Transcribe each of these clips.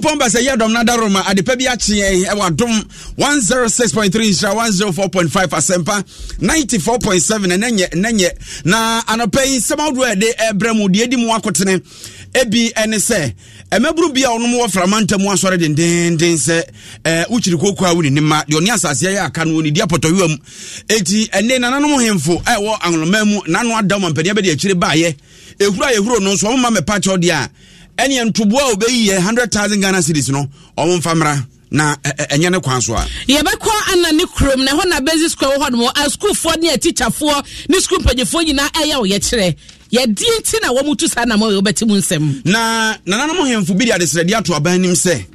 fɔmba sɛ yɛ dɔm nadaro ma adepa bi akyeɛ ɛwɔ adom 106.3 nhyira 104.5 asɛmpa 94.7 ɛnɛnyɛ ɛnɛnyɛ na anɔpɛ yi nsɛm ahodoɔ a yɛde ɛbrɛ mu deɛ edi mu akotene ebi ɛne sɛ ɛmɛburu bi a ɔnom wɔ frama ntam asɔre dendenden sɛ ɛɛ wukyiri koko a ne e e e ma deɛ ɔne asase yɛ aka no wɔn di apɔtɔwiwa mu eti ɛne nananom hemfo ɛwɔ anwulɔmɛ mu nanu adamu mpanyin bɛ de akyire baayɛ ehuru a yɛhuru no nso wɔn mma mɛpa kyɛw deɛ a ɛneɛ ntoboa a wobɛyi yɛ 100000 ghana series no ɔmo mfa mmra na ɛnyɛ ne kwan so a yɛbɛkɔ ana ne kurom na ɛhɔ na bɛsi sukuu wɔ hɔ nom a sukuufoɔ ne atikyafoɔ ne sukuu mpanyinfoɔ nyinaa ɛyɛ wo yɛkyerɛ yɛdin nti na wɔn tu saa nam a wɔbɛte mu nsɛm na nananom hemfo bi de adesrɛdeɛ ato aban anim sɛ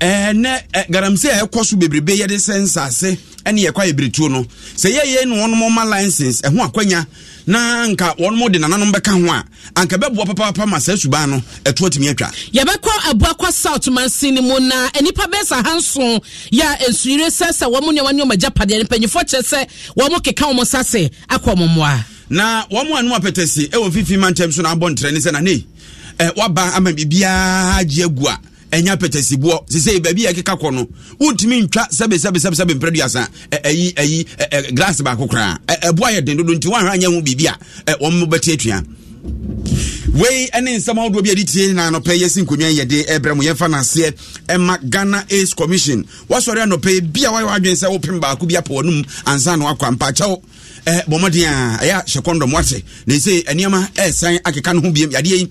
ɛnɛ galamsey a ɛkɔ so bebrebe yɛde sɛ nsase ɛne yɛkɔ ayɛ beretuo no sɛ yɛyɛ ne mo ma license ɛho akwanya na nka anka wɔnom de nananom bɛka ho a anka bɛboa papaapa ma saa suban no ɛto atumi atwa yɛbɛkɔ aboa kɔ south mansin mu na nnipa bɛsa ha nso yɛ nsuyire sɛ sɛ wɔm nneɛma agya agyapadeɛ mpanyifoɔ kyerɛ sɛ wɔm keka wɔm sase akɔ mmoa na wɔn a anum apɛtɛsi ɛwɔ fifi mantam so na abɔ ntrɛ ne sɛ na ne eh, waba ama biribiara gye agu a ɛnya pɛtɛsiboɔ sesei baabi a ɛkeka kɔ no wontumi ntwa sɛbesɛbesɛbesɛbe mprɛ duasa ɛyi e, e, ɛyi e, glass baako koraa ɛboa yɛ den dodo nti woanhwɛ anya ho biribi a wɔn mo bɛte atua wei ne nsɛm ahodoɔ bi a ɛdetie na anɔpɛ yɛsi nkonnwa yɛde ɛbrɛ mu yɛmfa no aseɛ ɛma ghana ace commission woasɔre anɔpɛ bi a wayɛ wadwen sɛ wopem baako bi apɛ wɔnom ansa na wakɔ mpakyɛw bɔmmɔden a ɛyɛ hyɛ kɔndɔm wate na ɛsei nneɛma ɛɛsan akeka no ho biam yadeɛ yi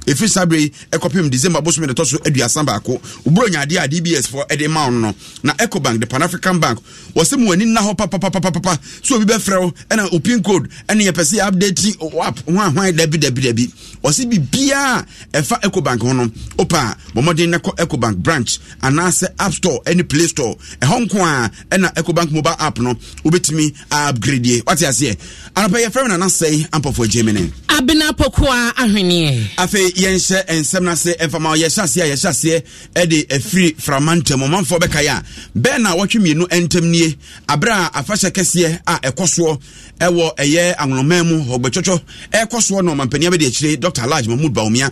ɛfiri saa berɛ yi ɛkɔpem december bosome de tɔ so aduasa baako woburo nyaadeɛ a dbs fɔ ɛde ma wo no na ecobank the pan african bank wɔ sɛ mu ani nna hɔ papapapapa so obi bɛfrɛ wo ɛna opin code ɛne yɛpɛ sɛ yɛupdate app ho ahwan dabi dabi dabi ɔsɛ biribiaa ɛfa ecobank ho no wopa a na kɔ ecobank branch anaasɛ app store ɛne play store ɛhɔ nko a ɛna ecobank mobile app no wobɛtumi upgradeɛ wate aseɛ anapa yɛfrɛ me nana sɛe ampɔfoɔ gyemene abena pokoa ahweneɛ afei afei yɛnhyɛ nsɛm no ase ɛmfama yɛhyɛ aseɛ a yɛhyɛ aseɛ de afiri frama ntam ɔmanfoɔ bɛka yɛ a bɛn na wɔtwe mmienu ntam nie aberɛ a afahyɛ kɛseɛ a ɛkɔ soɔ ɛwɔ ɛyɛ awonoman mu hɔgbɛtwɔtwɔ ɛkɔ soɔ na ɔmampania bɛde akyire dr lage mahmud baomia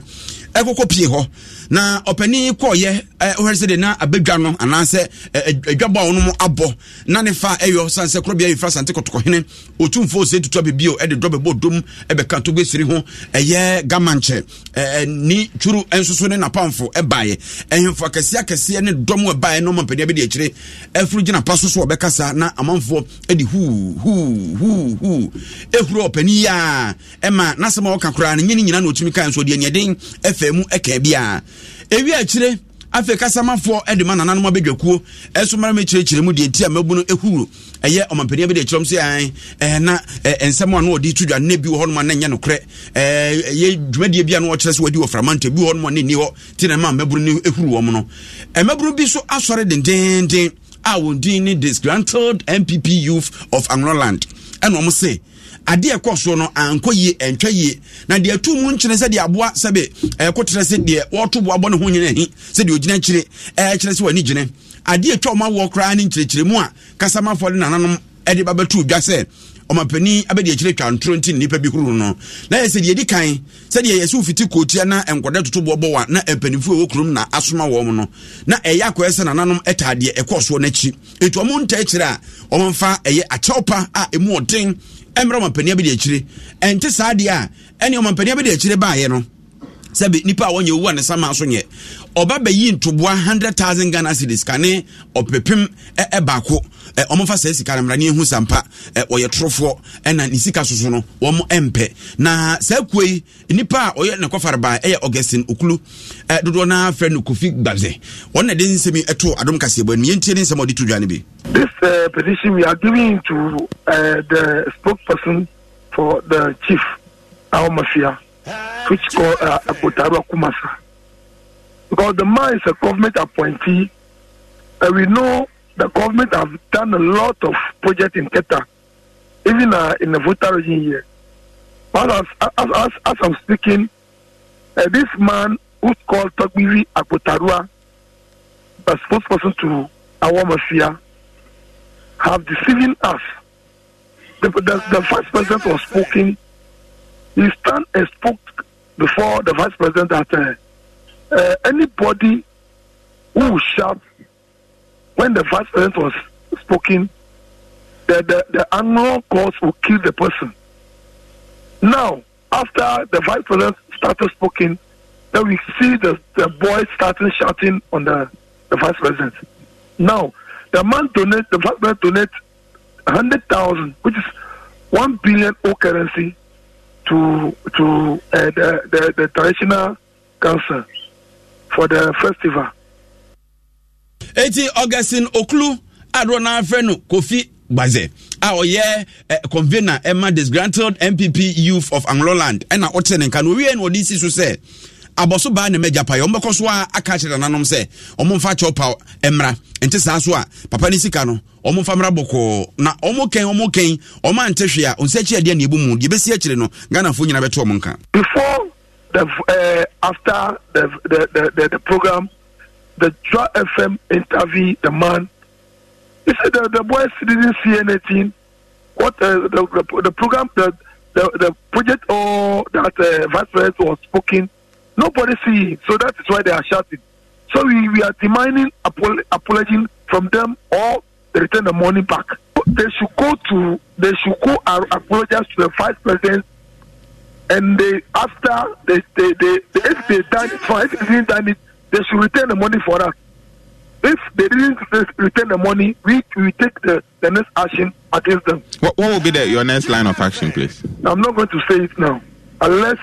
ɛkɔkɔ pie hɔ na ɔpanin kɔɔyɛ ɛɛ ɔhɛrɛ sɛ de na abadwa no anaasɛ ɛɛ adwabɔ a wɔn abɔ na ne fa ɛyɔ sansɛ korobea yɛfra sante kɔtɔkɔhene otumfoɔ se tutu abibio ɛde dɔ bɛbɔ dom ɛbɛka to gbesiri ho ɛyɛ gamankyɛ ɛɛ ni turu nsoso ne napamfo ɛbaayɛ ɛhenfo akɛseɛ akɛseɛ ne dɔm ɛbaayɛ na ɔmo mpanyin bi de akyire ɛfuru gyina pa soso ɔbɛkasa na amanfo ɛde huu huu huu huu ehuro ɔpanin yia ɛma na otumi kaa nso deɛ nyɛ den ɛfɛ mu ɛkɛɛ biara ewi akyire afei kasamafoɔ de ma nananom abɛdwakuo ɛso mmara me kyerɛkyerɛ mu deɛ nti a mabu no ɛhuro ɛyɛ ɔmampanin bi de akyerɛm so yɛn na nsɛm a no ɔde to dwa ne bi wɔ hɔnom a na nyɛ nokorɛ ɛyɛ dwumadie bi a no ɔkyerɛ sɛ wadi wɔ framante bi wɔ hɔnom a na hɔ ti na ma mmabunu no ɛhuru wɔn no mmabunu bi so asɔre dendenden a wɔn din ne disgruntled npp youth of angloland ɛna wɔn se adeɛ ɛkɔ so no ankɔ yie ɛntwa yie na deɛ tu mu nkyerɛ sɛ deɛ aboa sɛbe ɛkoterɛ sɛ deɛ wɔto boa bɔ ne ho nyina hi sɛdeɛ ogyina kyire ɛkyerɛ sɛ w'ani gyine adeɛ twa ɔma wɔ koraa ne nkyerɛkyerɛ mu a kasamafoɔ de nananom ɛde ba bɛto dwa sɛ ɔmapani abɛde akyire twa ntoro nti nnipa bi huru no na yɛ sɛ deɛ di kan sɛdeɛ yɛsɛ wofiti kootia na nkɔda totoboɔ bɔ wa na mpanimfoɔ ɛwɔ kurom na asoma wɔ m no na ɛyɛ akɔyɛ sɛ nananom ɛtaadeɛ ɛkɔɔ soɔ no akyi ɛtu ɔmo nta akyire a ɔmamfa ɛyɛ akyɛwpa a ɛmu ɔden ɛmmerɛ ɔmampania bi de akyire ɛnte saa deɛ a ɛne ɔmampania bi de akyire baayɛ no sɛbi nipa a wɔnyɛ owu ne sama so nyɛ ɔba bɛyi ntoboa 100000 ghana cedis ka ne ɔpepem baako ɔmofa saa sika no mmara ne ɛhu sampa ɔyɛ torofoɔ ɛna ne sika soso no wɔm ɛmpɛ na saa kuo yi nipa a ɔyɛ ne kɔfarebaa ɛyɛ augustin okulu dodoɔ no afrɛ no kofi gbabze wɔn na de nsɛm yi ɛto adom kaseɛ bɔ anim yɛntie ne nsɛm a ɔde to dwa no bi This uh, petition we are giving to uh, the spokesperson for the chief, our mafia, which called uh, Kumasa. Because the man is a government appointee, and we know the government have done a lot of projects in Keta, even uh, in the Vuta region here. But as, as, as, as I'm speaking, uh, this man who's called Togbiri Akotarua, a spokesperson to our mafia, have deceiving us. The, the, the vice president was speaking. He stand and spoke before the vice president that uh, uh, anybody who shout when the vice president was speaking, the, the, the annual cost will kill the person. Now, after the vice president started speaking, then we see the, the boy starting shouting on the, the vice president. Now, The man donate, the fat man donate hundred thousand, which is one billion O currency to to uh, the, the, the traditional council for the festival. Eti Augustine Oklu Adrona Freno Kofi Gbaze a ɔyɛ eh, convener ɛma disgruntled MPP youth of Angloland ɛna ɔte ne nka na owie na ɔde si so sɛ abɔso baa ne mɛgya payɛ ɔmbɛkɔ so a aka kyerɛ nananom sɛ ɔmomfa kyɛw pa mmra nti saa so a papa ne sika no ɔmomfa mmra bɔkɔɔ na ɔmokɛn ɔmokɛn ɔma nte hwee a ɔnsa akyi adeɛ ne mu deɛ ɛbɛsi akyire no ghanafoɔ nyina bɛto ɔmo nka before the uh, after the, the, the, the, the program the Joy FM interview the man he said the, the boys didn't see anything what uh, the, the, the program the, the, the project or that uh, vice president was spoken. Nobody see So that is why they are shouting. So we, we are demanding apol- from them or they return the money back. They should go to they should go and apologize to the vice president and they after they they, they, they if they done it fine, didn't done it, they should return the money for us. If they didn't return the money, we we take the, the next action against them. What, what will be the, your next line of action, please? I'm not going to say it now, unless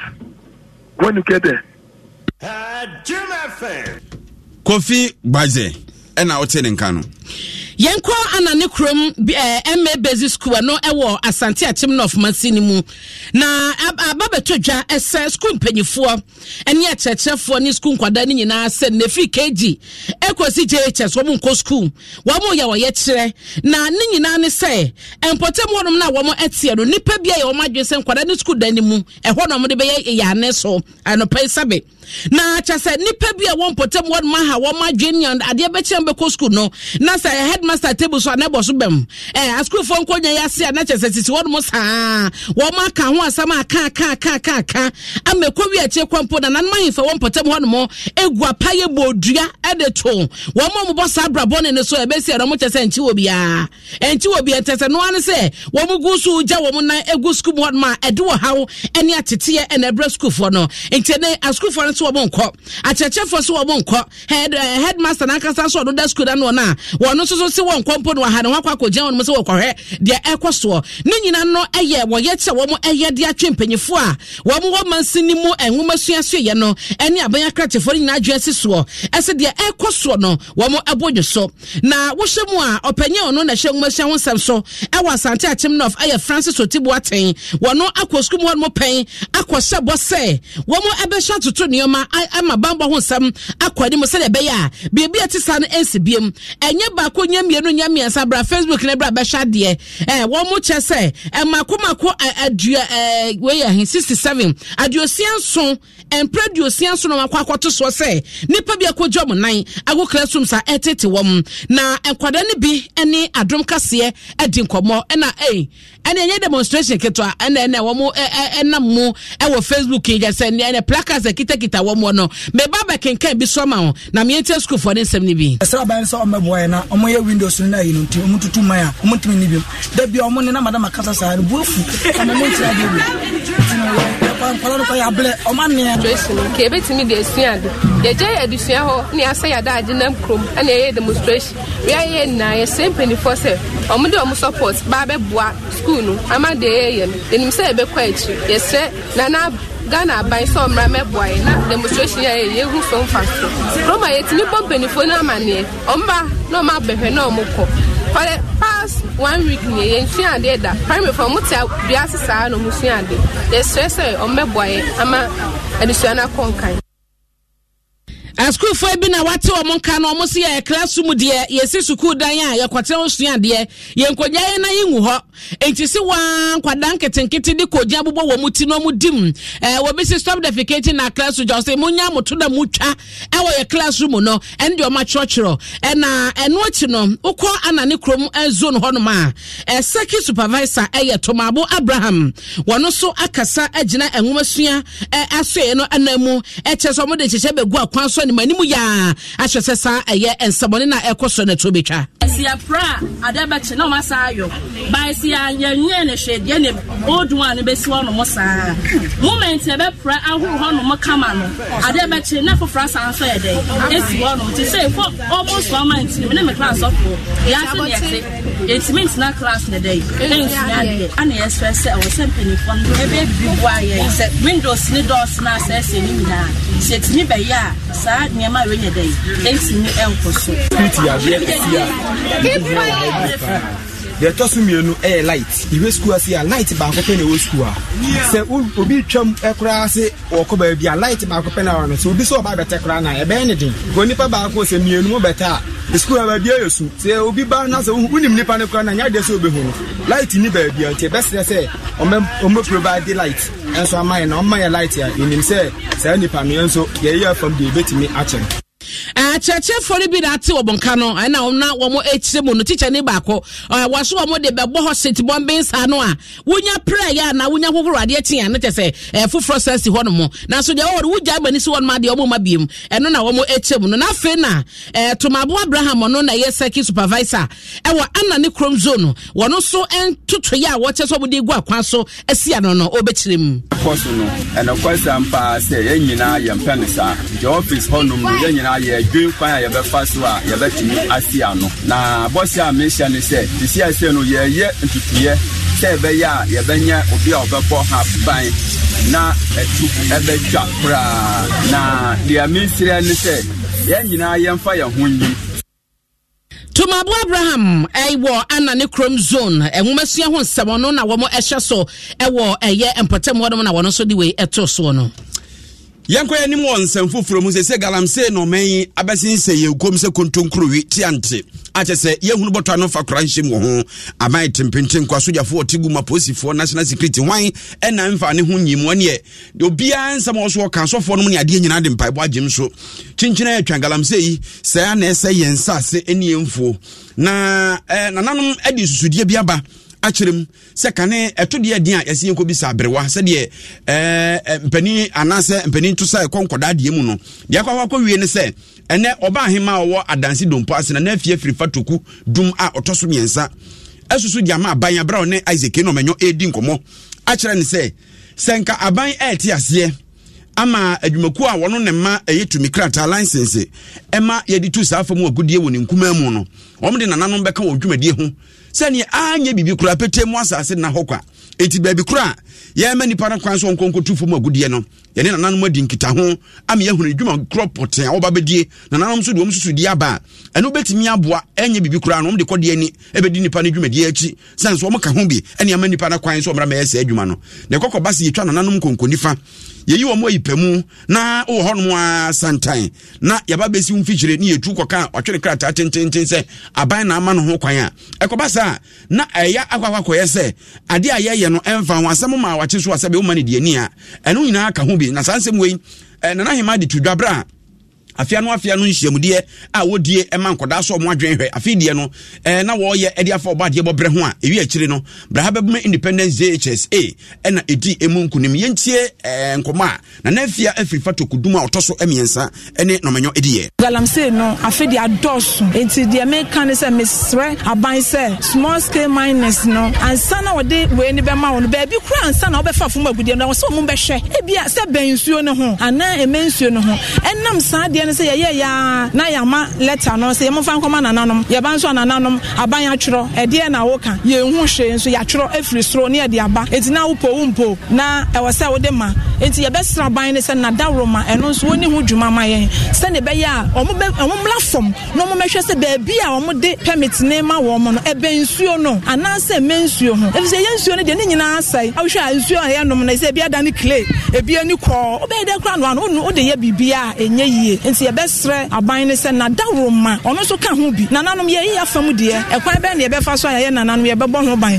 when you get there. kofi gbaze ɛna wote ne nka no yɛn kɔ ana ne kurom ɛɛ eh, ma basic school ɛno ɛwɔ asante akyem north masini mu na aba bɛtɔ dwa ɛsɛ school mpanyinfoɔ ɛne akyerɛkyerɛfoɔ ne school nkwadaa ne nyinaa sɛ na efiri kg ɛkɔsi jhs wɔn nkɔ school wɔn yɛ wɔyɛ kyerɛ na ne nyinaa ne sɛ mpɔtam hɔnom na wɔn ɛteɛ no nipa bi a yɛ wɔn adwene sɛ nkwadaa ne school dan ne mu ɛhɔ na wɔn de bɛyɛ yane so anɔpɛ nsabe na kyɛ sɛ nipa bi a wɔn mpɔtam hɔnom aha wɔn adwene adeɛ bɛkyɛn bɛkɔ school no na sɛ head headmaster table so a na ɛbɔ so bɛm ɛɛ asukuufoɔ nkonnwa yɛ ase a na kyɛ sɛ sisi wɔn mo saa wɔn aka ho asɛm aka aka aka aka aka ama ekowi akyire kɔmpo na nanom ahemfa wɔn mpɔtam hɔ nom egu apayɛ bɔ dua ɛde to wɔn mo bɔ saa abrabɔ ne ne so ɛbɛsi ɛna wɔn kyɛ sɛ nkyi wɔ biara nkyi wɔ biara ntɛsɛ noa ne sɛ wɔn gu so gya wɔn nan egu sukuu mu hɔ nom a ɛde wɔ haw ɛne ateteɛ ɛna ɛbrɛ sukuufoɔ no nti so wɔn nkɔ akyerɛkyerɛfoɔ so wɔn head eh, headmaster n'ankasa so ɔno da sukuu da no sɛ wɔnkɔ mpo no wɔha ne wakɔ akɔgyina wɔnom sɛ wɔkɔhwɛ deɛ ɛkɔ soɔ ne nyina no ɛyɛ wɔyɛ kyɛ wɔm ɛyɛ de atwe mpanyinfoɔ a wɔn wɔ mansi ne mu nwoma suasuayɛ no ɛne aban akratefoɔ no nyinaa adwene si soɔ ɛsɛ deɛ ɛkɔ soɔ no wɔn ɛbɔ nyo so na wohyɛ mu a ɔpanyin ɔno na ɛhyɛ nwoma sua ho nsɛm so ɛwɔ asante akyem north ɛyɛ francis otibu atɛn wɔn akɔ sukuu mu hɔ nom pɛn akɔ hyɛ bɔ sɛ wɔn ɛbɛhyɛ atoto nneɛma ama bambɔ ho nsɛm akɔ anim sɛdeɛ ɛbɛyɛ a biribi a ti sa no ɛnsi biem ɛnyɛ baako nyɛ mmienu nyɛ mmiɛnsa bra facebook ne bra bɛhyɛ adeɛ ɛɛ wɔn mo kyɛ sɛ ɛmakomako adua ɛɛ wei yɛ sixty seven aduosia nson mpere aduosia nson na wakɔ akɔto soɔ sɛ nipa bi akɔgya wɔn nan agokora som sa ɛtete wɔn na nkwadaa no bi ɛne adom kaseɛ ɛdi nkɔmɔ ɛna ɛɛ ɛna ɛnyɛ demonstration ketewa ɛna ɛna wɔn ɛnam mu ɛwɔ facebook yi yɛsɛ ɛna ɛna placards ɛkitakita wɔn no mɛba bɛ kenkan bi sɔ ma wɔn na mɛ ntiɛ sukuu fɔ ne nsɛm ni bi. ɛsɛ aban sɛ ɔmɛ bɔ yɛn na ɔmɔ yɛ windows ni na yi ɔmɔ tutu man a ɔmɔ tumi ni bi dabi ɔmɔ ni na madama kasa saa bu efu ɔmɔ ne nkyɛn de bi nkɔla no kɔ yɛ sukulu amada yɛn ɛnim sɛ yɛbɛkɔ akyi yɛsrɛ na na ghana aban sɛ ɔmmara na demonstration yɛ yɛhu fɛ mfa so roma yɛtumi bɔ no amanneɛ ɔmba na ɔma abɛhwɛ na ɔmokɔ ɔyɛ past one week ni yɛnsua adeɛ da primary fɔ mo te dua na ɔmo sua yɛsrɛ sɛ ama adesua no asukuufoɔ bi na wate wɔn nka na wɔn si yɛ classroom deɛ yɛsi sukuu dan a yɛkɔtɛ nsua deɛ yɛn nkonnwa yɛn na yɛn wɔ hɔ nti si waa nkwadaa nketenkete de kogya bobɔ wɔn ti na wɔn di ɛɛ wɔn bi si stop defecating na classroom jɔ sɛ mo nya mo to na mo twa ɛwɔ yɛ classroom no ɛne deɛ wɔn atwerɛtwerɛ ɛna ɛno akyi no wokɔ anane kurom ɛzone hɔnom a ɛsɛki supervisor ɛyɛ tomabo abraham wɔn nso akasa ɛgyina ɛnwomasua ɛɛ asɔɛ no ɛnam mu ɛkyɛ sɛ no m'anim yɛa akyerɛ sɛ saa ɛyɛ nsɛmɔne na ɛkɔ so no ɛto bɛtwa asiapra a ade bɛkye na ɔma saa ayɔ baasi anyanyɛ ne hwɛdeɛ ne odun a ne bɛsi hɔ nom saa moment ɛbɛpra ahorow hɔ kama no ade na foforɔ asan so yɛ dɛ esi hɔ nom te sɛ fo almost one month ne me class ɔfo yɛase ne yɛte yɛtumi ntena class ne dɛ ɛnsua deɛ ana yɛsrɛ sɛ ɛwɔ sɛ mpanimfoɔ no ɛbɛbi bɔ ayɛ sɛ windows ne doors no asɛɛsɛ ne nyinaa sɛ tumi bɛyɛ a saa nneɛma a wɔnyɛ dɛ yi ɛntumi ɛnkɔ so. kuti adeɛ si a ebi wɔ hɔ bi paa deɛ ɛtɔ so mmienu ɛyɛ light iwe school ase a light baako pɛ na ɛwɔ school a sɛ obi twam ɛkoraa se wɔkɔ baabi a light baako pɛ na ɛwɔ no sɛ obi sɛ ɔba bɛtɛ koraa na ɛbɛyɛ ne den kò nipa baako sɛ mmienu mu bɛtɛ a school a baabi ɛyɛ su sɛ obi ba na sɛ wunim nipa ne koraa na nya deɛ sɛ obi hu no light ni baabi a nti ɛbɛsrɛ sɛ ɔmɛ provide light ɛnso ama yɛ na ɔmɛ yɛ light a yɛnim sɛ saa nipa no yɛn nso yɛyɛ fam akyerɛkyerɛfoɔ no bi na ate wɔ bɔnka no ɛna wɔn wɔn akyire mu no tikya ne baako ɛɛ wɔso wɔn de bɛbɔ hɔ setibɔ mbensa no a wonya praeɛ na wonya hohoro adeɛ tia ne kyɛ sɛ ɛɛ foforɔ san si hɔ nom nanso deɛ wɔwɔ no wogya abani si hɔ adeɛ wɔn ma biem ɛno na wɔn akyire mu no na afei na ɛɛ tomabo abraham ɔno na yɛ sɛki supervisor ɛwɔ ana ne kurom zone wɔn nso ntotoyɛ a wɔkyɛ sɛ wɔde gu akwan so asi ano no ɔbɛkyerɛ mu. ɛkɔ so no ɛnɛ kɔ sɛm paa sɛ yɛn nyinaa yɛn pɛ ne saa gye ɔfis hɔ nom no yɛn ɛne kwan a yɛbɛfa so a yɛbɛtumi ase ano na bɔhyɛ a mehyɛ ne sɛ te sɛ ɛsɛ no yɛyɛ ntutuyɛ sɛ ɛbɛyɛ a yɛbɛnyɛ obi a ɔbɛbɔ ha ban na ɛtu ɛbɛtwa koraa na deɛ mesrɛ ne sɛ yɛn nyinaa yɛmfa yɛn ho nyi tumabo abraham ɛwɔ ana ne krom zone ɛnwomasua ho nsɛm no na wɔn ɛhyɛ so ɛwɔ ɛyɛ mpɔtam hɔ na wɔn nso de wei ɛto soɔ no yɛnkɔ yɛnim wɔ nsɛm foforɔ mu sɛ sɛ galamsey na ɔma yi abɛsensɛ yɛkom sɛ kontonkurowi tiante akyɛ sɛ yɛhunu bɔtɔ no fa kora nhyɛm wɔ ho aban tempenten kɔ asogyafoɔ ɔte gu ma polisifoɔ national security hwan ɛna mfa ne ho nyimu ɛneɛ obiaa nsɛm wɔ so ɔka asɔfoɔ no mu ne adeɛ nyinaa de mpaebɔ agyem so kyenkyena yɛtwa galamsey yi sɛa na ɛsɛ yɛn nsa ase ɛne yɛmfuo na nananom ade susudie bi aba akyerɛ mu sɛ kane ɛto deɛ den a yɛsi yɛn kɔ bi sa aberewa sɛdeɛ ɛɛ mpanyin anaasɛ mpanyin to sɛ ɛkɔ nkɔdaa deɛ mu no deɛ akɔ akɔ wie ne sɛ ɛnɛ ɔbaa ahema a ɔwɔ adansi dompo ase na n'afie firi fatoku dum a ɔtɔ so mmiɛnsa ɛsoso deɛ ama aban abraw ne isaac ɛna ɔmɛnyɔ ɛredi nkɔmɔ akyerɛ ne sɛ sɛ aban ɛɛte aseɛ ama adwumakuo a wɔno ne mma ɛyɛ tumi krataa license ɛma yɛde tu saa fam agudie wɔ ne nkumaa mu no wɔn de nananom bɛka wɔn dwumadie ho sɛnea anyɛ biribi kora pete mu asase na hɔ kwa ɛti baabi kora yɛma nipa no kwan sɛ ɔnkɔnkɔtu fam agudeɛ no yɛne nananom adi nkita ho ama yɛhunu adwuma korɔ pɔtee a wɔba bɛdie nananom nso de wɔm susudie aba a ɛno wobɛtumi aboa ɛnyɛ biribi koraa no ɔmde kɔdeɛ ani ɛbɛdi nipa no dwumadiɛ akyi sane so ɔmka ho bi ɛne ama nipa no kwan sɛ ɔmmra mayɛ saa adwuma no na ɛkɔkɔba sɛ yɛtwa nananom nkɔnkɔ yeyi yɛyi wɔn ayi pɛmu na wowɔ hɔnom a santan na yɛba bɛsi wo mfikyire ne yɛtu kɔka a ɔtwene krataa tententen sɛ aban na ama no ho kwan a ɛkɔba saa na ɛyɛ akɔakɔkɔyɛ sɛ adeɛ a yɛyɛ no ɛmfa ho asɛm ma wakye so asɛ woma no deani a ɛno nyinaa ka ho bi na saa nsɛm wei eh, nana hema de to a afia no afia no nhyiamudeɛ a wɔdie ɛma nkɔdaa so ɔmo adwene hwɛ afei deɛ no ɛɛ na wɔɔyɛ ɛde afa ɔbɔ adeɛ bɔbrɛ ho a ewi akyire no braha bɛbɛma independence jhsa ɛna edi emu nkunim yɛntie ɛɛ nkɔmɔ a nana afia afiri fatoko dum a ɔtɔ so mmiɛnsa ɛne nɔmɛnyɔ ediɛ. galamsey no afei de adɔɔso eti deɛ meka ne sɛ mesrɛ aban sɛ small scale miners no ansa na wɔde wei ni bɛma wɔn baabi kura ansa na wɔbɛfa fun mu agudeɛ no na wɔsɛ wɔn bɛhwɛ ebi sɛ bɛn ne sɛ yɛyɛ yɛa na yɛama lɛta no sɛ yɛmfa nkɔma nananom yɛba nso anananom aban atwerɔ ɛdeɛ na woka yɛnhu hwee nso yɛatwerɔ afiri soro ne yɛde aba ɛnti na wopɔ wo mpo na ɛwɔ sɛ wode ma ɛnti yɛbɛsra ban ne sɛ nadaworoma ɛno nso wɔne ho dwuma ma yɛn sɛne ɛbɛyɛ a ɔmo mmla fam na ɔmo mɛhwɛ sɛ baabi a ɔmo de permit ne ma wɔn mo no ɛbɛ nsuo no anaasɛ mɛ nsuo ho efisɛ yɛ nsuo no deɛ ne nyinaa asɛe awohwɛ a nsuo a yɛnom no sɛ ebi ada ne clay ebi ani kɔɔ wobɛyɛ dɛ kora no wode yɛ biribi a ɛnyɛ yie nti yɛbɛsrɛ aban no sɛ nadaworo ma ɔno nso ka ho bi nananom yɛyi afa mu deɛ ɛkwan bɛn ne yɛbɛfa so a yɛyɛ nananom yɛbɛbɔ ho ban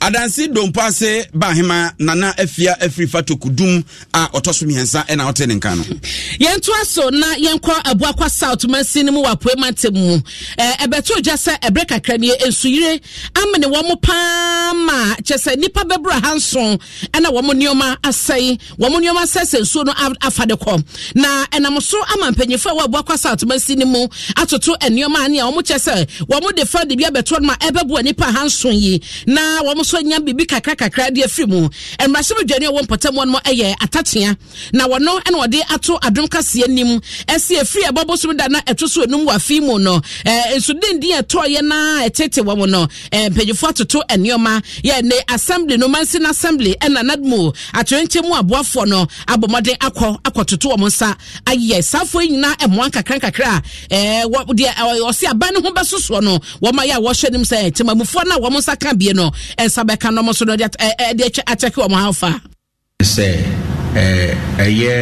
adansi dompo ase bahema nana afia afiri fatokudum a ɔtɔ so mmiɛnsa ɛna ɔte ne nka no yɛnto aso na yɛnkɔ aboakwa south mansin no mu wɔ apoe mantem mu ɛbɛto gya sɛ ɛberɛ kakra no nsuyire amene wɔ mo paa ma kyɛ sɛ nnipa bɛbrɛ ha nson ɛna wɔ mo nneɔma asɛe wɔ mo nneɔma asɛe sɛ nsuo no afa de kɔ na ɛnam so ama mpanyimfoɔ a wɔ aboakwa south mansin no mu atoto nneɔma ane a wɔn kyɛ sɛ wɔn de fa de abɛto no ma ɛbɛboa nnipa ha nson yi na wɔn nso nya biribi kakra kakra de afiri mu mmarasɛbadwani a ɛwɔ mpɔtam no yɛ atatea na wɔno na wɔde ato adom kaseɛ nim ɛsi afiri ɛbɔ bosom da na ɛto so enum wɔ afi mu no nso dendin ɛtɔɔyɛ na ɛtete wɔ mu no mpanyinfoɔ atoto nneɛma yɛ ne assembly no mansin assembly ɛna nadmo atwerɛnkyɛn mu aboafoɔ no abɔmɔden akɔ akɔtoto wɔn nsa ayɛ saafoɔ yi nyinaa ɛmoa nkakra nkakra ɛɛ wɔ deɛ ɔsi aban ne ho bɛsosoɔ no wɔn ayɛ a wɔhyɛ ne mu sɛ temamufoɔ no a wɔn nsa ka bie no ɛnsa nsa bɛka nom so no de wɔ mo hafa sɛ ɛyɛ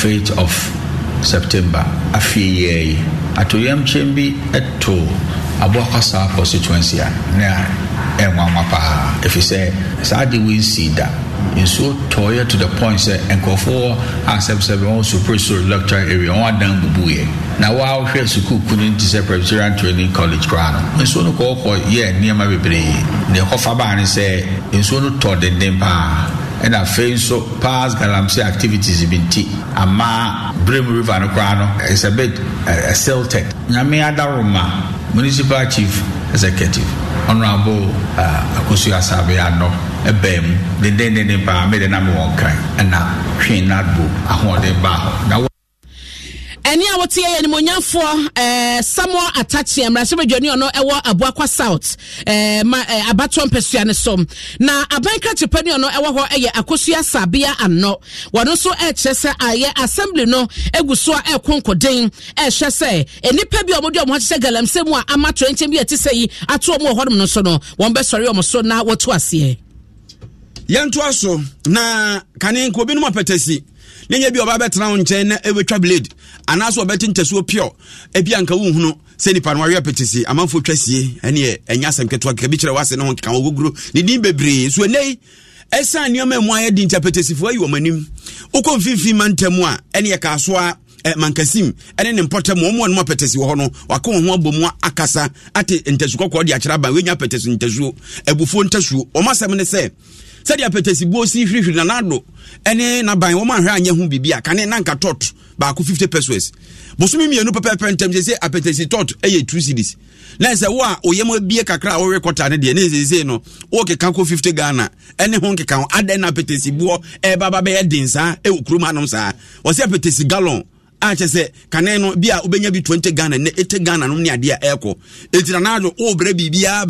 faith of september afei yɛi atoyamkyɛm bi to aboakasa constituency a na ɛnwanwa paa ɛfiri sɛ saa de wensii da nsuo tɔɔyɛ to the point sɛ nkurɔfoɔ a sɛbsɛbɛ wɔn supre so area wɔn adan bubueɛ na wɔahwɛ sukuu kunu ti sɛ presbyterian training college koraa no nsuo no kɔɔkɔ yɛ nneɛma bebree na ɛkɔfa baa ne sɛ nsuo no tɔ denden paa ɛna afei nso paas galamsey activities bi nti ama brim river no koraa no is a bit uh, silted nyame adaroma municipal chief executive honorable uh, akosu asabe ano ɛbɛn mu dendenden paa mede na me wɔn kan ɛna hwee nadbo ahoɔden baa hɔ ɛne a wɔte yɛ animonyafoɔ ɛɛ Samoa atakye mmarahyɛbadwa ne ɔno ɛwɔ aboakwa south ɛɛ ma ɛɛ abatoɔ mpɛsua ne so na aban krakyepɛ ne ɔno ɛwɔ hɔ ɛyɛ akosua sabea anɔ wɔn nso ɛɛkyerɛ sɛ ayɛ assembly no egu so a ɛɛko nkoden ɛɛhyɛ sɛ enipa bi a wɔde wɔn ahyehyɛ galamsey mu a ama torɛnkyɛn bi a ɛte sɛ yi ato wɔn wɔ hɔnom no so no wɔn bɛsɔre wɔn so na wɔto aseɛ. yɛntoa so na kane nka obinom nyɛ bi ɔba bɛtena wo nkyɛn na ɛbɛtwa blade anaasɛ ɔbɛte ntasuo pure ebi anka wohunu sɛ nipa no wareɛ pɛtese amanfoɔ twa sie ɛneɛ ɛnyɛ asɛm ketewa keka bi kyerɛ wase ne ho keka wɔ gogoro ne din bebree so ɛnɛi ɛsiane nneɛma mu ayɛ de nti apɛtesifoɔ ayi wɔn anim wokɔ mfimfini ma ntam a ɛne yɛ kaasoa eh, mankasim ɛne ne mpɔtɛ mu ɔmo apɛtɛsi wɔ hɔ no waka wɔn ho abɔ mu akasa ate ntasu kɔkɔɔ de akyerɛ aba wenya apɛtɛsi ntasuo abufuo ntasuo ɔmo asɛm ne sɛ sɛdeɛ apɛtɛsibuo si hwirihwiri nanado ɛne naban wɔn ahwɛ anyɛ ho biribi a kane nanka tot baako fifty pesos bosome mmienu pɛpɛɛpɛ ntɛm sɛ sɛ apɛtɛsi tot ɛyɛ two series na sɛ wo a oyɛ mu abie kakra a wɔwe kɔta ne deɛ ne nsesei no wokeka kɔ 50 ghana ɛne ho nkeka ho adɛn na apɛtɛsiboɔ ɛbaba bɛyɛ den saa ɛwɔ kurom hanom saa wɔsɛ apɛtɛsi gallon akyɛ sɛ kane no bi a wobɛnya bi 20 ghana ne 80 ghana nom ne adeɛ a ɛɛkɔ ɛnti na naadwo wobrɛ biribiaa